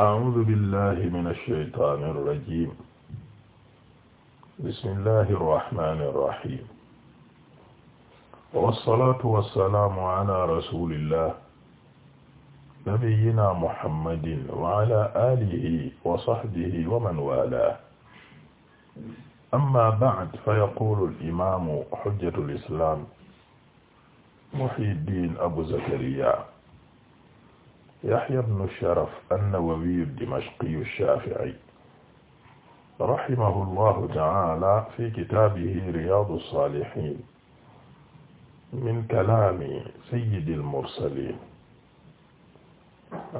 a'uuzu billahi mina shaytaani rajiim bismillahi rahmaani rahiim wassalaatu wassalaamu ala rasuulillah nabiyyina muhammadin wa ala aalihi wa sahbihi wa man waalaahu amma ba'd fa yaquulu al-imaamu hujjatu al-islaam muhyiddin abu zakariyaa Yahya ibn Sharaf an-Nawawi ad-Dimashqi ash-Shafi'i rahimahu llahu ta'ala fi kitaabihi Riyaadu s-Saalihiin min kalaami sayyidi l-mursaliin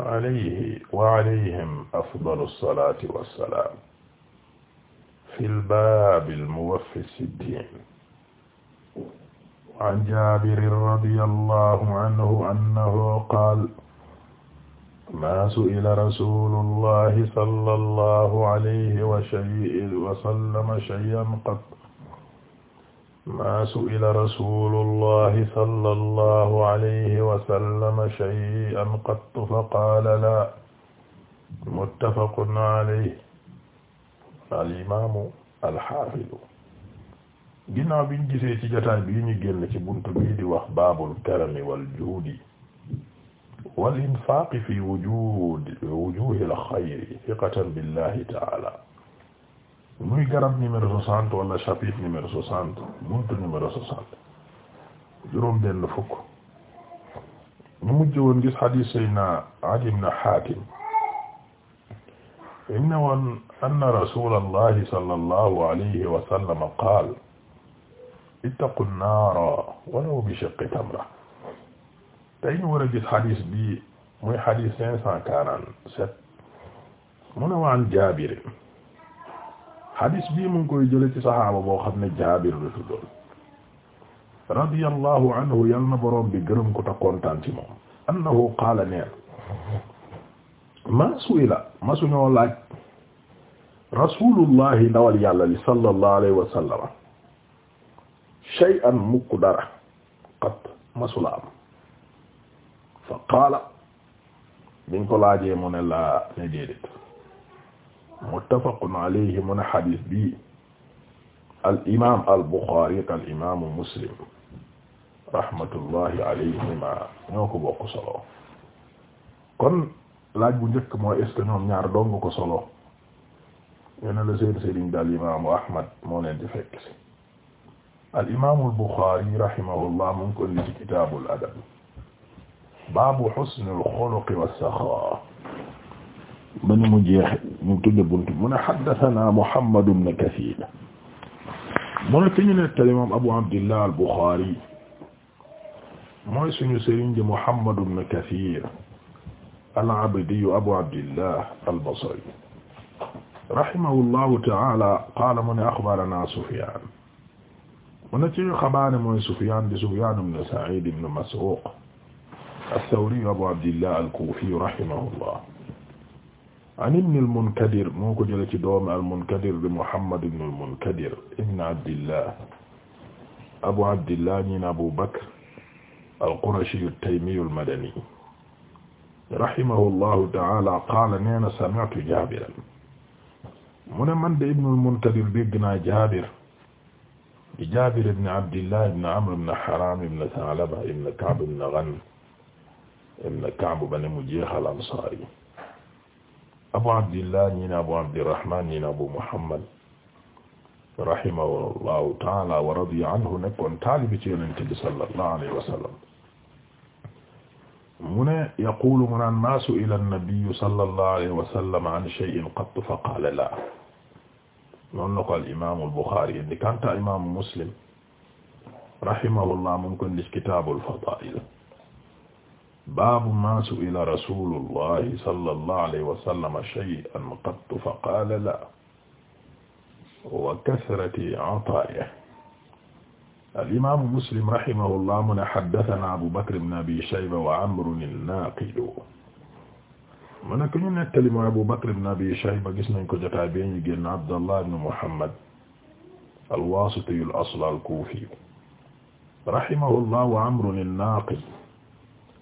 alayhi wa alayhim afdalu s-salaati wa s-salaam fi l-baabi l-muwaffi s-sittiin an Jaabirin radiyallahu anhu annahu qaala maa su'ila rasuulullahi sallallahu alayhi wa shay'in wa sallama shay'an qat maa su'ila rasuulullahi sallallahu alayhi wa sallama shay'an qat fa qaala laa muttafaqun alayhi al-imaamu al-haafidu ginnaaw biñ gisee ci jotaay bi ñu génn ci buntu bii di wax baabul karami wal juudi wal infaaq fi wujuud wujuuhil xayri siqatan billahi taala muy garab numéro soixante wala chapitre numéro soixante buntu numéro soixante juróom benn fukk ñu mujj woon gis hadiis Seydina Adiy ibn Haatim im ne woon anna rasuulallahi sallallahu alayhi wa sallam qaala ittaqu nnaara walaw bi shiqqi tamra tey ñu war a gis xadis bii muy xadis cinq cent quarante mu ne waan jaabir xadis bii mu ngi koy ci saxaaba boo xam ne jaabir la tuddoon radiyallahu anhu yal na bi gërëm ko ta kontaan ci moom annahu qaala neen ma suila ma suñoo laaj rasulullahi ndawal sallallahu alayhi wa sallama shay'an mukk dara qat masula fa qaala biñ ko laajee mu ne laa ne déedéet muttafaqun alayhi mu ne xadis bi al imaam al buxaari ak al imaamu muslim rahmatullahi alayhima ñoo ko bokk solo kon laaj bu njëkk moo est ñoom ñaar dong ko solo ñu ne la seen sëriñ daal imaamu Ahmad moo leen di fekk al imaamul buxaari rahimahullah mu ngi ko indi ci kitaabul adab baabu husnil xuluqi was-saxaa ba ni mu jeexe ñu tudde buntu mu ne haddasanaa Muhammad ibn Kasiir mu ne fi ñu nettali moom Abu Abdillah al-Buxaari mooy suñu sëriñ di Muhammad ibn Kasiir al-Abdi Abu Abdillah al-Basri rahimahullahu ta'aala qaala mu ne axbaranaa Sufyaan mu ne ci xabaar mooy Sufyaan di Sufyaan ibn Sa'iid ibn Masruuq as-Sawri Abu Abdillah al-Kufi rahimahullah an ibn al-Munkadir moo ko jëlee ci doomu al-Munkadir bi Muhammad ibn al-Munkadir ibn Abdillah Abu Abdillah ñi na Abu Bakr al-Qurashi at-Taymi al-Madani rahimahullahu ta'ala qaala neena sami'tu Jaabiran mu ne man de ibn al-Munkadir dégg naa Jaabir Jaabir ibn Abdillah ibn Amr ibn Haram ibn Tha'laba ibn Ka'b ibn Ghanm ibn Ka'b ba ne mu jeexal ansaar yi Abu Abdillah ñi ne Abu Abdirrahman ñi ne Abu Muhammad rahimahullahu taala wa radiya anhu nekkoon taalibi ci Yonent bi sallallahu alayhi wa sallam mu ne yaqulu mu naan maa su'ila an-nabiyyu sallallahu alayhi wa sallam an shay'in qattu fa qaala laa noonu la ko al imaamu al-Buxaari indi kanta imaamu Muslim rahimahullah mu ngi ko indi kitaabul fadaa'il baabu maa su'ila rasuulullahi sallallahu alayhi wa sallam shay'an qattu fa qaala laa wa kasrati ataa'ihi al-imaamu muslim rahimahullah mu ne haddasanaa Abuu Bakr ibn Abii Shayba wa Amrun an-Naaqid mu ne ku ñu nettali mooy Abuu Bakr ibn Abii Shayba gis nañ ko jotaay bi ñu génn Abdallah ibn Muhammad al-Waasitiyu al-asl al-Kuufiyu rahimahullah wa Amrun an-Naaqid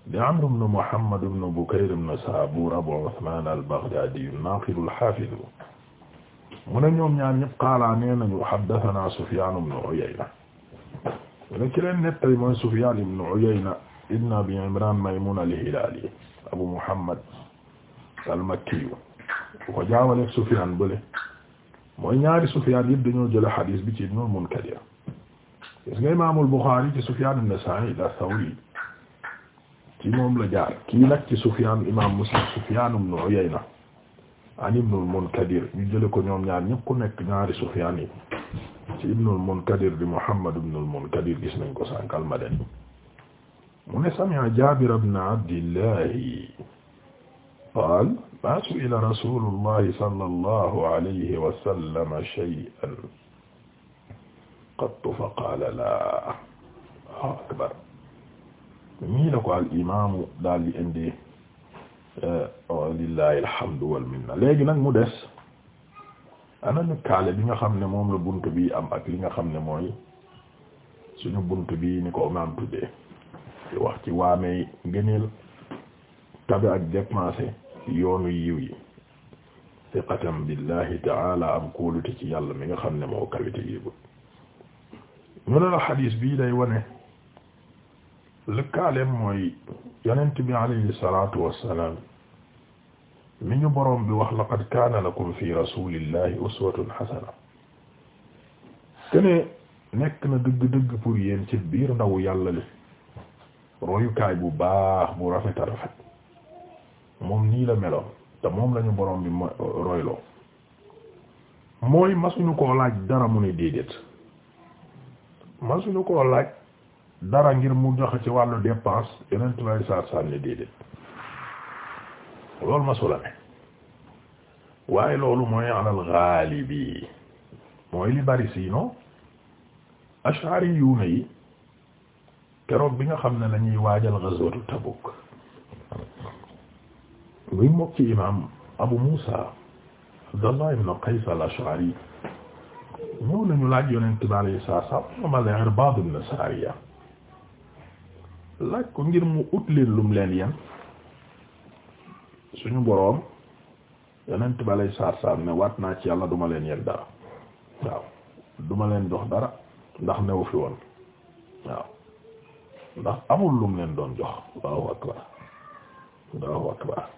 di Amr ibn Muhammad ibn Bukayr ibn Saabuur Abu Usmaan al-Baghdaadi an-Naaqid al-Haafiz mu ne ñoom ñaar ñëpp qaala nee nañu haddathanaa Sufyaan ibn Uyayna ne ki leen nettali mooy Sufyaan ibn Uyayna ibn Abi Imraan Maymuun al-Hilaali Abu Muhammad al-Makki bu ko jaawaleeg Sufyaan bële mooy ñaari Sufyaan yëpp dañoo jëlee hadiis bi ci Ibn al-Munkadir gis nga Imaamul Buxaari ci Sufyaan ibn Sa'iid ath-Thawri ci moom la jaar kii nag ci Sufyaan imaam Muslim Sufyaan ibn Uyayna an ibn al-Munkadir ñu jële ko ñoom ñaar ñëpp ku nekk ñaari Sufyaan yi ci ibn al-Munkadir di Muhammad ibn al-Munkadir gis nañ ko sànq al-Madani mu ne sami'a Jaabir ibn Abdillahi qaala maa su'ila rasuulullahi sallallahu alayhi wa sallam shay'an qattu fa qaala laa Allahu akbar nii la ko al imaamu daal di indi eh, lillahi alhamdu wal léegi nag mu des ana kaale bi nga xam ne moom la bunt bi am ak li nga xam ne mooy suñu bunt bi ni ko imaam tuddee di wax ci waamee ngëneel tabe ak dépensé yoonu yiw yi siqatam billahi taala am kóolute ci yàlla mi nga xam ne moo kawite yibul ñu ne la xadiis bii day wane lëkkaaleem mooy yonent bi alayhi salatu wassalaam mi ñu boroom bi wax laqad kaana lakum fi rasulillahi uswatun hasana kene nekk na dëgg-dëgg pour yéen ci biir ndaw yàlla li royukaay bu baax bu rafet a rafet moom nii la meloon te moom lañu borom bi royloo mooy masuñu koo laaj dara mu ne déedéet masuñu koo laaj dara ngir mu joxe ci wàllu dépense yeneen tubaab yi saa saa déedéet loolu ma su la waaye loolu mooy alal gaalibi mooy li bari sinon ashari yuuna yi keroog bi nga xam ne lañuy waajal ghazwatu Tabuk muy mokk ci imaam Abu Muusa Abdallah ibn Qays al-Ash'ari ñëw nañu laaj yonent bi alayhi salaam ma Irbaad ibn Saariya laaj ko ngir mu ut leen lum leen yen suñu boroom yonent ba lay saar saar ne waat naa ci yàlla duma leen yeg dara waaw duma leen jox dara ndax newu fi woon waaw ndax amul lum leen doon jox Allahu akbar Allahu akbar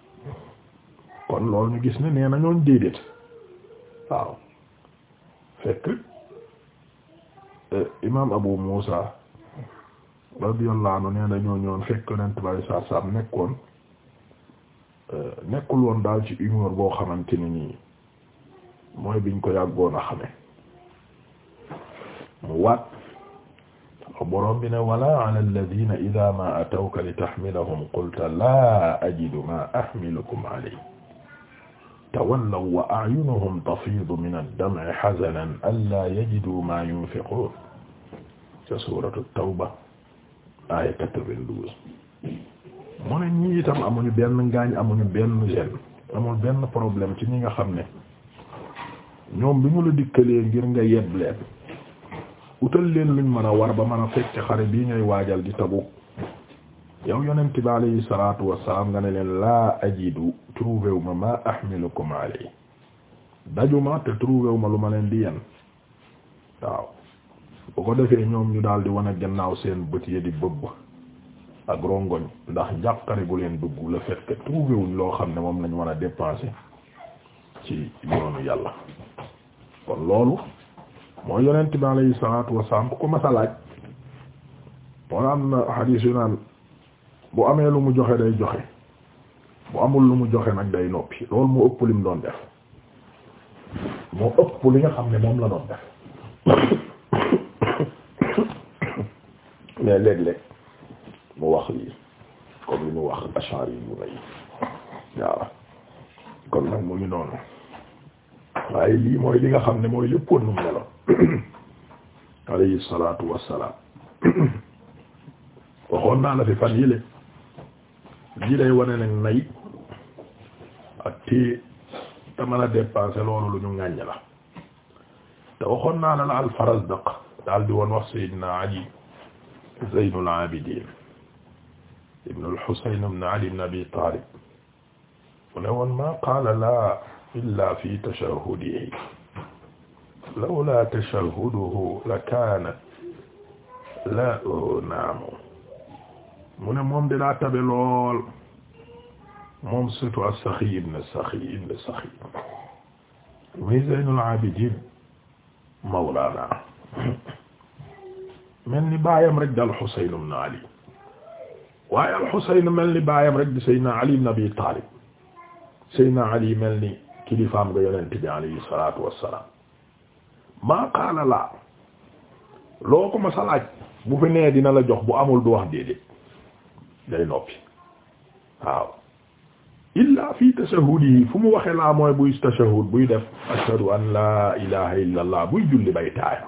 kon loolu ñu gis ne nee na ñooñ déedéet waaw fekk eh, imaam Abu Muusa radiyallahu anhu nee na ñoo ñoon fekk yonent bi saa saa nekkoon euh, nekkul woon daal ci humeur boo xamante ni nii mooy biñ ko yàggoon a xame mu waat borom bi ne wala ala alladhina idha ma atawka li tahmilahum qulta laa ajidu ma ahmilukum alayhi tawallaw wa a'yunuhum tafiidu min ad-dam'i hazanan allaa yajiduu ma yunfiqun ca suuratu tawba aaya quatre vingt mu ne ñii itam amuñu benn ngaañ amuñu benn gêne amul benn problème ci ñi nga xam ne ñoom bi ñu la dikkalee ngir nga yeb leen utal leen luñ mën a war ba mën a fekk ci xare bii ngay waajal di tabu yow yonent bi alayhi salaatu wassalaam nga ne leen laa ajidu trouvé wu ma maa ahmilukum alayhi dajuma te trouvé ma lu ma leen di yen waaw bu ko defee ñoom ñu daal di wane gannaaw seen bët yi di bëbb ak rongoñ ndax jàqare gu leen dugg le fait que wuñ loo xam ne moom lañ mën a dépensé ci yoonu loolu mooy yonent bi alayhi salaatu ko masalaaj moo am na xadiis amee lu mu joxe day joxe bu amul lu mu joxe nag day noppi loolu moo lim doon ëpp li nga xam ne moom la doon def mais léeg-léeg mu wax lii comme li mu wax ashari yu rëy waaw kon nag mu ngi noonu waaye lii mooy li nga xam ne mooy léppoon nu meloon alayhi salatu wassalaam waxoon naa la fi fan yile lii day wane nag nay ak téye te a dépensé loolu lu ñu ŋàññ la te waxoon naa la la al Farazdaq daal di woon wax Seydina Ali Zeynul Abidin ibn al-Husayn ibn Ali ibn Abi Talib mu ne woon ma qaala laa illaa fi tashahhudihi lawlaa tashahhuduhu lakaana lahu naamu mu ne moom dinaa tabe lool moom surtout as-Saxi ibn Saxi ibn Saxi muy Zeynul Abidin mawlaana mel ni baayam rek di al-Husayn ibn Ali waaye al-Husayn mel ni baayam rek di Seydina Ali ibn Abi Talib Seydina Ali mel ni kilifaam nga yonent bi alayhi salaatu wassalaam maa qaala laa loo ko ma bu fi nee dina la jox bu amul du wax déedéet day noppi waaw illaa fi tashahudihi fu mu waxee laa mooy buy tashahud buy def ashhadu an laa ilaaha illallah buy julli bay taaya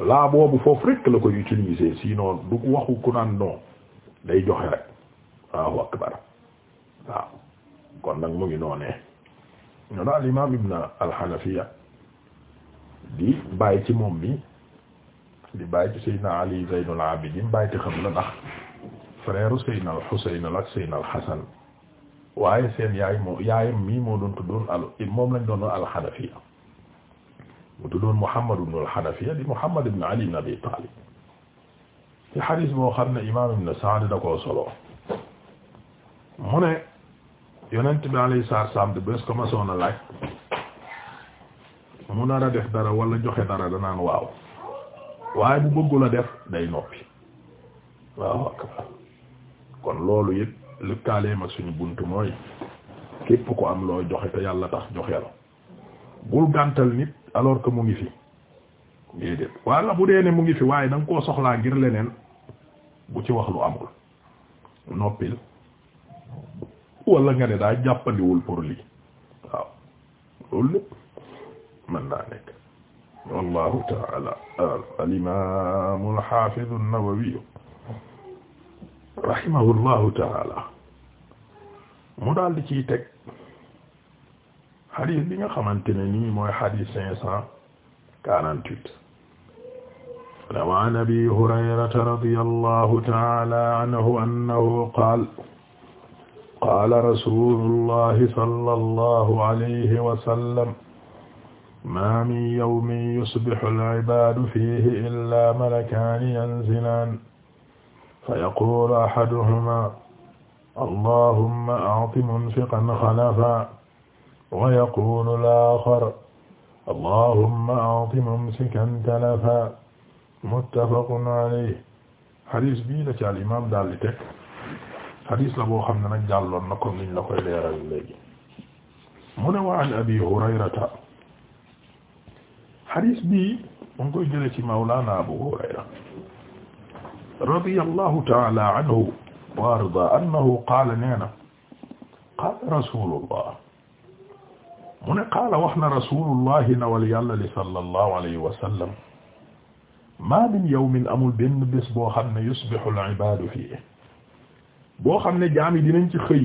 laa boobu foofu rek la koy utiliser sinon du waxu ku naan non day joxe rek waaw akbar waaw kon nag mu ngi noonee ñoo daal imaam ibn al di bàyyi ci moom mi di bàyyi ci Seydina Ali Zaynul Abidin bàyyi te xam la ndax frère Seydina al-Husayn ak Seydina al-Hasan waaye seen yaay moo yaayam mii moo doon tuddoon al moom lañ doon al mu tuddoon Muhammad ibn al-Hanafiya di Muhammad ibn Ali ibn Abi Talib ci xadis boo xam ne imaam Ibn Sa'd da koo solo mu ne yonent bi saar saam salaam bés ko ma soona laaj mu nar a def dara wala joxe dara danaan waaw waaye bu bëggul a def day noppi waaw akbar kon loolu yëpp lëkkaaleem ak suñu bunt mooy képp ko am looy joxe te yàlla tax joxe la bul gàntal nit alors que mu ngi fi déedéet walla bu dee ne mu ngi fi waaye da koo soxlaa ngir leneen bu ci wax lu amul noppil wala nga ne daa jàppandiwul pour lii waaw loolu lépp mën naa nekk wallahu taala alimamu alhafidu an-Nawawi rahimahullahu taala mu daal di ciy teg xadis bi nga xamante ne nii mooy xadis cinq cent quarante-huit an abi hurayrata radiyallahu ta'ala anhu annahu qaala qaala rasuulullahi sallallahu alayhi wa sallam maa min yawmin yusbihu al-ibaadu fiihi illaa malakaani yanzilaan fayaquulu ahaduhumaa allahumma a'ti munfiqan xalafan wa yaqulu al-aaxar allahumma a'ti mumsikan talafa muttafaqun alayhi xadis bii la ci al imam daal di teg xadis la boo xam ne nag jàlloon na comme niñ la koy leeral léegi mu ne wa an abi hurayrata xadis bii mu ngi koy jële ci mawlaana abu hurayra radiyallahu ta'ala anhu wa arda annahu qaala nee na qaala rasulullah mu ne qaala wax na rasulullahi nawal yàlla li sallallahu alayhi wa sallam ma min yawmin amul benn bés boo xam ne yusbihu al-ibaadu fiihi xam ne jaam yi dinañ ci xëy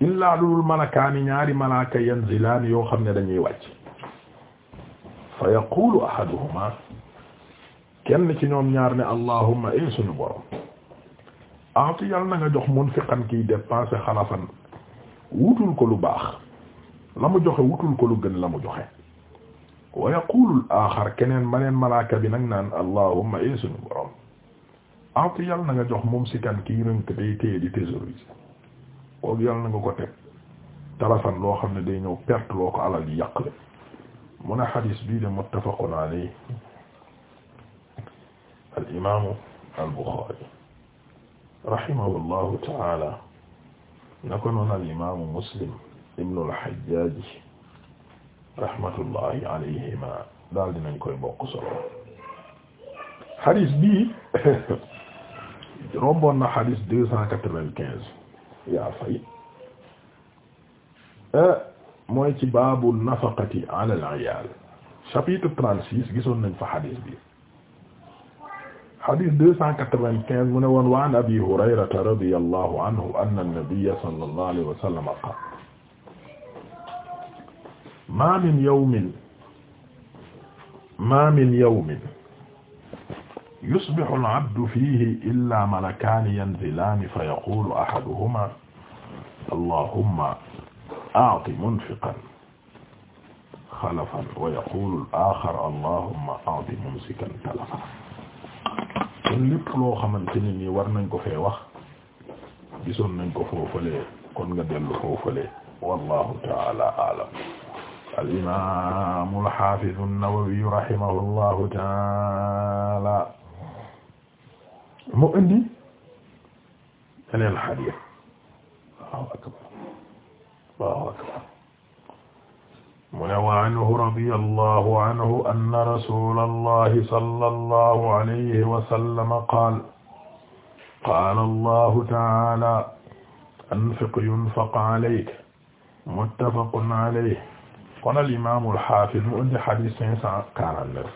illaa malakaani ñaari malaaka yanzilaani yoo xam ne dañuy wàcc fa yaqulu ahaduhuma kenn ci ñoom ñaar ne allahumma ay eh suñu borom aati yàlla na nga jox munfiqan kiy dépenser xalafan wutul ko lu baax la mu joxe wutul ko lu la mu joxe wa yaqulu al keneen maneen malaaka bi nag naan allahumma ee eh suñu borom aatu yàlla na jox moom si kan kii rënk day téye di thésauriser ko teg tarafan loo xam ne day ñëw perte loo ko alal yi yàq la mun a xadiis bii de muttafaqun alayhi al imaamu al ko noon al muslim ibnu al-Hajjaj rahmatullahi alayhima daal dinañ koy bokk solo xadis bii romboon na xadis deux cent quatre-vingt-quinze yaa fay eh, mooy ci baabu nafaqati ala al-iyaal chapitre trente-six gisoon nañ fa xadis bi xadis deux cent quatre-vingt-quinze mu ne woon wa an abi hurayrata radiyallahu anhu anna an-nabiyya sallallahu alayhi wa sallam qaala ma min yawmin ma min yawmin yusbihu al-abdu fihi illa malakani yanzilani fa yaqulu ahaduhuma allahumma a'ti munfiqan xalafan wa yaqulu al-akhar allahumma a'ti mumsikan talafan kon lépp loo xamante ne nii war nañ ko fee wax gisoon nañ ko foofalee kon nga dellu foofalee wallahu ta'ala a'lam al-imaam al-haafiz an-Nawawi rahimahullahu taala mu indi beneen hadiis Allahu akbar Allahu akbar mu ne wa anhu radiyallahu anhu anna rasuulallahi sallallahu alayhi wa sallam qaala qaala Allahu taala anfiq yunfaq alayka muttafaqun alayhi kon al imaam al haafid mu indi hadith cinq cent quarante neuf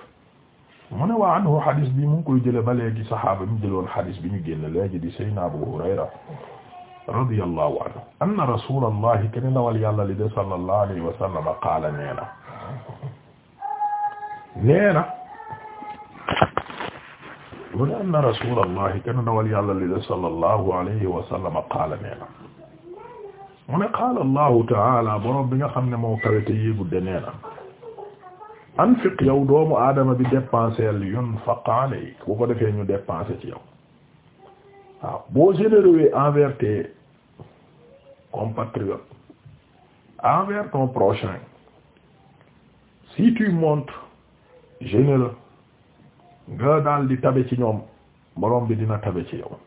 mu ne waa anhu hadith bi mu ngi koy jële ba léegi saxaaba mi jëloon hadith bi ñu génn léegi di Seydina Abu Hurayra radiyallahu anhu anna rasulallahi kenn dawal yàlla li de sallallahu alayhi wa sallam qaala neena neena mu ne anna rasulallahi kenn dawal yàlla li de sallallahu alayhi wa sallam qaala neena mu ne qaala allahu taala borom bi nga xam ne moo kawete yéegudde nee na anfiq yow doomu aadama bi dépenseel yunfaq alayk bu ko defee ñu dépensé ci yow waaw boo généreux envers tes compatriotes envers ton prochain si tu montres généreux nga daal di tabe ci ñoom borom bi dina tabe ci yow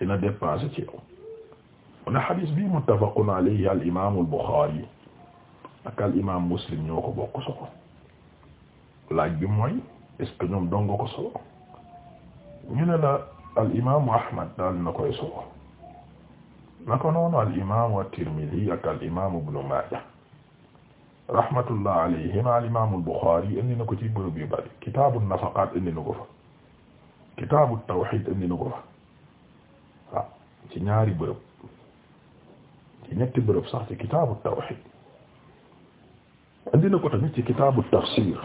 dina dépensé ci yow mu ne xadis bii muttafaqun alayhi al imaamu al Buxaari ak al imaam Muslim ñoo ko bokk solo laaj bi mooy est-ce que ñoom dong nga ko solo ñu ne la al imaamu Ahmad daal na koy solo naka noonu al imaamu at-Tirmidhi ak al imaamu Ibnu Maaja rahmatullah alayhima al imaamu al Buxaari indi na ko ci bërëb yu bari kitaabu nafaqaat indi na ko fa kitaabu tawhiid indi na ko fa waaw ci ñaari bërëb. ci ñetti bërëb sax ci kitaabu tawhid andi na ko tamit ci kitaabu tafsir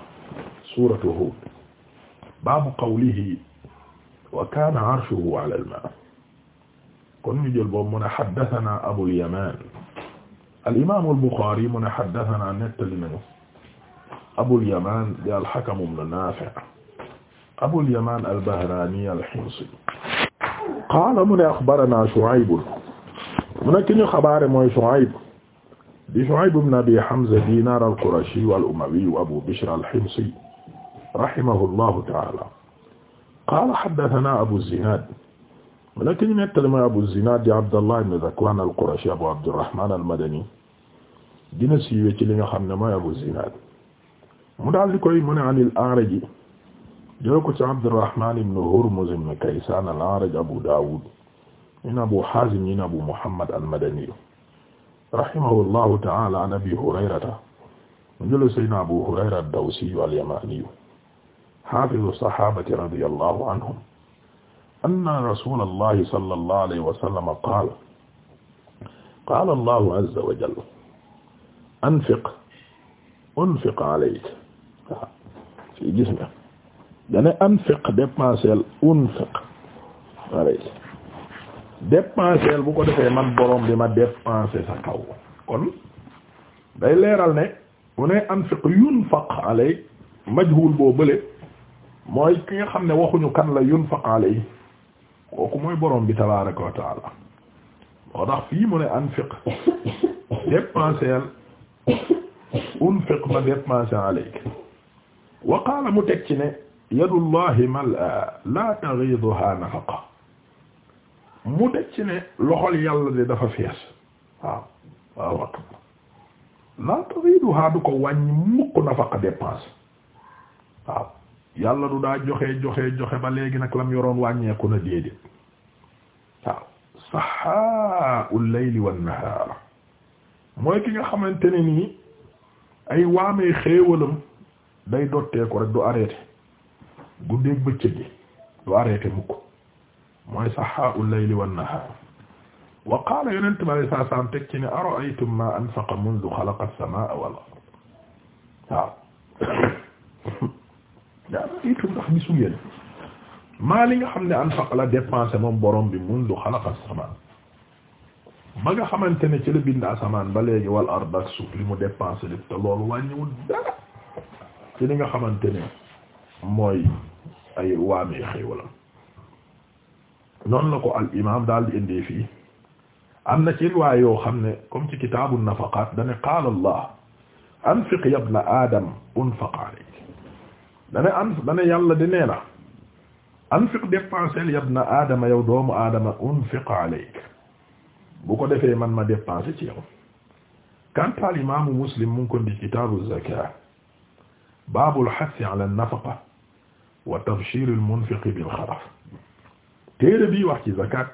suuratu Huud baabu qawlihi wa kaana arshuhu ala al-maa kon ñu jël boobu mu ne haddathana Abul Yamaan al-imaam al-Buxaari mu ne haddathana nettali nañu Abul Yamaan di al-Hakam ibn Naafi' Abul Yamaan al-Bahraani al-Himsi qaala mu ne axbaranaa Shu'ayb mu ne ki ñu xabaare mooy Shuayb di Shuayb ibn Abi Hamza Dinar al-Qurashi wal-Umawi Abu Bishr al-Himsi rahimahullahu ta'ala qaala haddathana Abu Zinad mu ne ki ñu nettali mooy Abu Zinad di Abdallah ibn Zakwan al-Qurashi Abu Abdurrahman al-Madani dina siiwee ci li nga xam ne mooy Abu Zinad mu daal di koy mu ne anil A'raj jël ko ci Abdurrahman ibn Hurmuz ibn Kaysan al-A'raj Abu Dawud min Abu Haazim min Abu Muhammad al-Madani rahimahullahu ta'ala an Abi Hurayrata mu jële sayyidina Abu Hurayra ad-Dawsi al-Yamani haafizu sahaabati radiyallahu anhum anna rasuulallahi sallallahu alayhi wa sallam qaala qaala Allahu azza wa jalla anfiq unfiq alayk gis nga dane anfiq dépensel unfiq alayk dépenser bu ko defee man borom bi ma dépenser sa kaw kon day leeral ne mu ne anfiq yunfaq alay majhul boo bële mooy ki nga xam ne waxuñu kan la yunfaq alay kooku mooy borom bi tabaaraka wa taala moo tax fii mu ne anfiq dépenser unfiq ma dépenser alayk wa mu teg ci ne yadullahi mala la taghiduha nafaqa mu dëcc ne loxol yàlla de dafa fees waaw waaw wat laa taxiidu haa du ko wàññ mukk nafaqa dépense waaw yàlla du daa joxe joxe joxe ba léegi nag lam yoroon wàññeeku na déedéet waaw saxaa ul layli wan nahaar mooy ki nga xamante ne nii ay waamee xéewalam day dottee ko rek du arrêté guddeeg bëccëg gi du arrêté mukk mooy saxaa'u layli wan nahaar wa qaala yonent bi alayhi salaam teg ci ne ara'aytum maa anfaqa mundu xalaqa as-samaa'a wal ard waaw itum ndax gisu ngeen maa li nga xam ne anfaq la dépensé moom borom bi mundu xalaqa as ba nga xamante ne ci la bind asamaan ba léegi wal ard ak suuf li mu dépensé lépp te loolu wàññiwul dara ci li nga xamante ni mooy ay waamee xéewalam noonu la ko al imaam daal di indee fii am na ci riwaay yoo xam ne comme ci kitaabu nafaqaat dane qaala allah anfiq ya ibna adam unfaq alayk dane an dane yàlla di nee na anfiq dépensel ya ibna adama yow doomu aadama unfiq alayk bu ko defee man ma dépensé ci yow quant al imaamu muslim mu ngi ko di kitaabu zakaat baabul hassi ala an nafaqa wa tabshir al munfiq bil xaraf téere bii wax ci zakat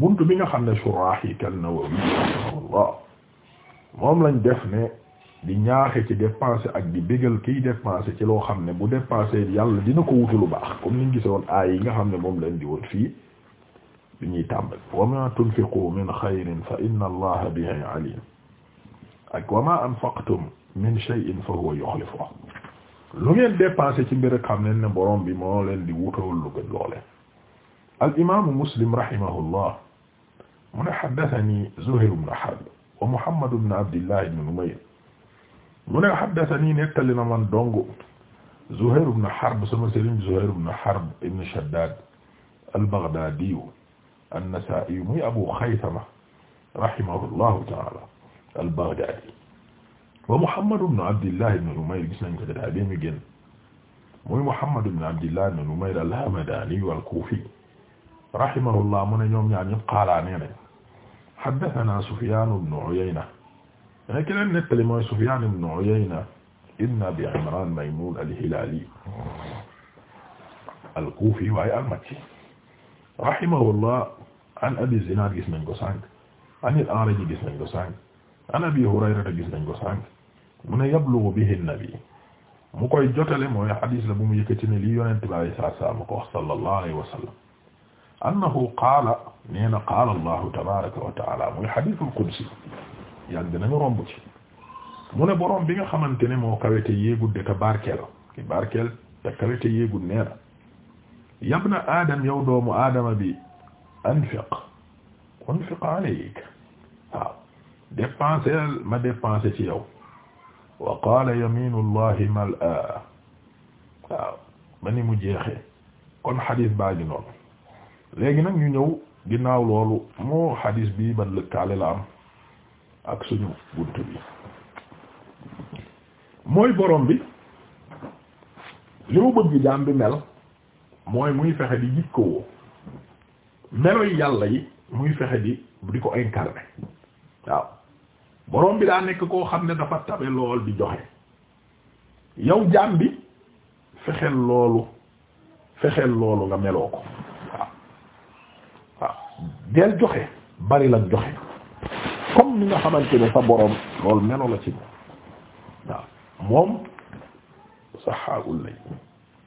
bunt bi nga xam ne surah yi kan Nawawi rahimahullah moom lañ def ne di ñaaxe ci dépenser ak di bégal kiy dépenser ci loo xam ne bu dépenser yàlla dina ko wutu lu baax comme niñ gise woon aay yi nga xam ne moom lañ di woon fii bi ñuy tàmbali wa ma tunfiqu min xayrin fa inna allaha bihi alim ak wa ma min shay'in fa huwa yukhlifuhu lu ngeen dépenser ci mbir xam ne ne borom bi moo leen di wutal lu gën loole al imaamu muslim rahimahullah mu ne haddathani Zuhayr ibn Harb wa Muhammad ibn Abdillah ibn Numayr mu ne haddathani nettali na man dong Zuhayr ibn Harb sama sëriñ Zuhayr ibn Harb ibn Shaddad al-Baghdadi an-Nasa'i muy Abu Khaythama rahimahullahu ta'ala al-Baghdadi wa Muhammad ibn Abdillah ibn Numayr gis nañ ko jotaay bi ñu génn muy Muhammad ibn Abdillah ibn Numayr al-Hamadani wal-Kufi rahimahullah mu ne ñoom ñaar ñëpp qaalaa nee nañ haddathana Sufyan ibn Uyayna ki leen nettali mooy Sufyan ibn Uyayna ibn Abi Imran Maymun al-Hilali al-Kufi waaye al-Makki rahimahullah an Abi Zinad gis nañ ko sànq an al-A'raj gis nañ ko sànq an Abi Hurayra gis nañ ko sànq mu ne yablughu bihi an-nabi mu koy jotale mooy hadis la bu mu yëkkati ne lii yonent bi alayhi salaam ko wax sallallahu alayhi wa sallam annahu qaala nee na qaala allahu tabaraka wa taala muy hadithul qudsi yàgg nañu romb ci mu ne borom bi nga xamante ne moo kawete yéegul de ka barkeel ki barkeel te kawete yéegul nee na yabna aadam yow doomu aadama bi anfiq anfiq alayk waaw dépenseel ma dépensé ci yow wa qaala yaminullahi mal a waaw ba ni mu jeexee kon hadith baa ngi noonu léegi nag ñu ñëw ginnaaw loolu moo xadis bi ban lëkkaale la am ak suñu bunt bi mooy borom bi li mu bëgg jaam bi mel mooy muy fexe di jikkowoo meloy yàlla yi muy fexe di di ko incarné waaw borom bi daa nekk koo xam ne dafa tabe lool di joxe yow jaam bi fexeel loolu fexeel loolu nga meloo ko del joxe bari la joxe comme ni nga xamante ne sa boroom loolu melo la ci moom waaw moom saxaawul lañ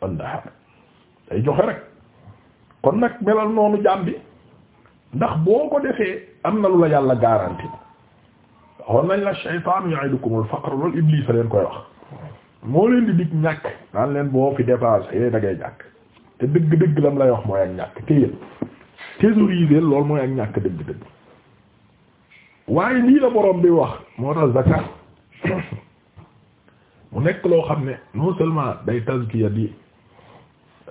andaha day joxe rek kon nag melal noonu jaam bi ndax boo ko defee am na lu la yàlla garanti waxoon nañ la shaytaanu ya'idukumul faqr loolu iblis a leen koy wax moo leen di dig ñàkk daan leen boo fi dépassé da ngay ñàkk te dëgg-dëgg lam lay wax mooy ak ñàkk téyel thésauriser lool mooy ak ñàkk dëgg-dëgg waaye lii la borom bi wax moo tax zakat mu nekk loo xam ne non seulement day tazkiya di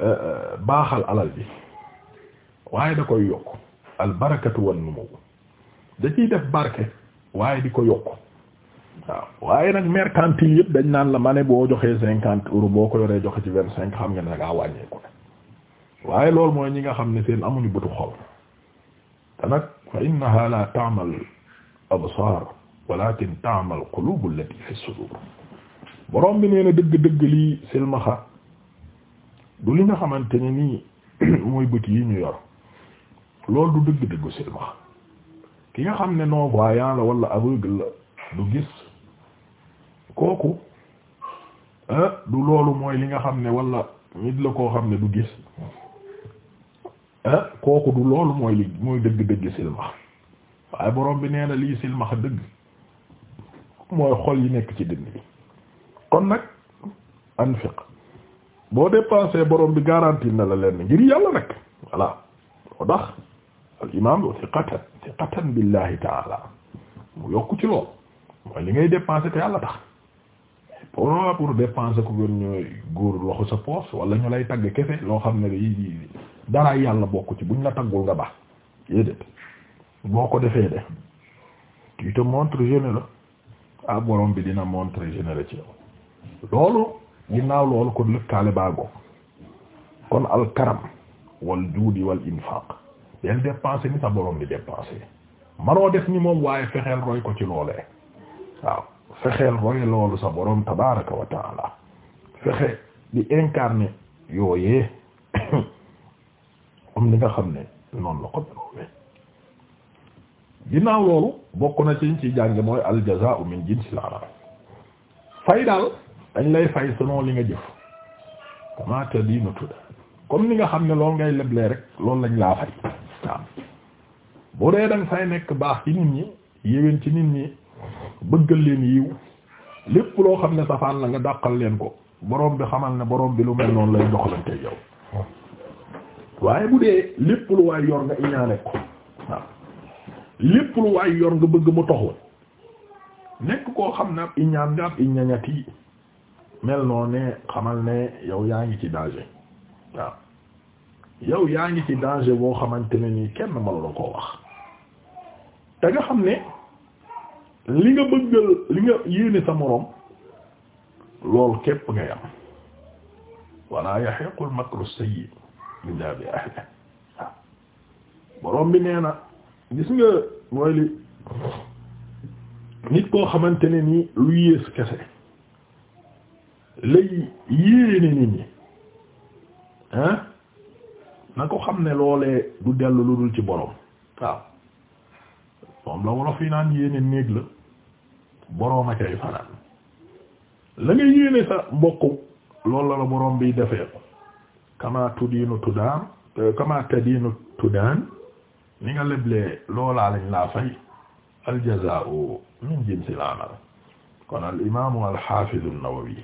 euh, euh, baaxal alal bi waaye da koy yokk al barakatu wan numu da ciy def barke waaye di ko yokk waaw waaye nag mercantile yëpp dañ naan la ma ne boo joxee cinquante euros boo ko yoree joxe ci vingt cinq xam nga ne da ngaa wàññeeku ne waaye loolu mooy ñi nga xam ne seen amuñu bëtu xol te nag fa innaha la ta'mal absar walakin ta'mal qulub allati fi sudur borom bi nee dëgg-dëgg lii silmaxa du li nga xamante ne nii mooy bët yi ñu yor loolu du dëgg-dëggu silmaxa ki nga xam ne noo voyant la wala aveugle la du gis kooku ah, du loolu mooy li nga xam ne wala nit la koo xam ne du gis Ah kooku du loolu mooy li mooy dëgg-dëgg silmax waaye borom bi nee na lii silmax dëgg mooy xol yi nekk ci dënn kon nag anfiq boo dépensé borom bi garantie na la leen ngir yàlla nag voilà moo tax al imam thiqatan thiqatan billahi taala mu yokku ci lool mooy li ngay dépensé te yàlla tax pour pour dépensé ko gën ñooy góor loxo sa poos walla ñu lay tagg kese loo xam ne day daraay yàlla bokk ci buñ la taggul nga baax déedéet boo ko defee de tu te montres généreux ah borom bi dina montre généreux ci yow loolu ginnaaw loolu kon lëkkaale baago kon alkaram wal juudi wal infaq del dépenser ni sa borom bi dépenser manoo def ni moom waaye fexeel roy ko ci loolee waaw fexeel roy loolu sa borom tabaraka wa fexe di incarner yooyee comme li nga xam ne noonu la loolu bokk na ci ci jàng mooy al jazaa'u min jinsil amal fay daal dañ lay fay selon li nga jëf comment te di comme li nga xam ne loolu ngay leblee rek loolu lañ laa fay waaw boo dee danga fay nekk baax ci nit ñi yéwén ci nit ñi bëggal leen yiw lépp loo xam ne safaan la nga dàqal leen ko borom bi xamal ne borom bi lu mel noonu lay doxalante yow waaye bu dee lépp lu waay yor nga iñaane ko waaw lépp lu waay yor nga bëgg mu toxu nekk koo xam ne ab iñaan nga ab iñañati mel noo ne xamal ne yow yaa ngi ci danger waaw yow yaa ngi ci danger boo xamante ne nii kenn ma la koo wax te nga xam ne li nga bëggal li nga yéene sa moroom loolu képp nga yam wala yahiqul makru sayyi li jaabi ahli waaw bi nee na gis nga mooy nit koo xamante ne nii lu yées kese lay yéene nit ñi ah na ko xam ne loolee du dellu lu dul ci borom waaw moom la wolof yi naan yéene néeg la boroom a cay fanaan la nga yéene sa mbokk loolu la la borom bi defee ko kama tudiinu tudaan euh, kama tadiinu tudaan ni nga leblee loolaa lañ laa fay aljazaa'u min jinsi laamal kon al imaamu al haafizu an-Nawawi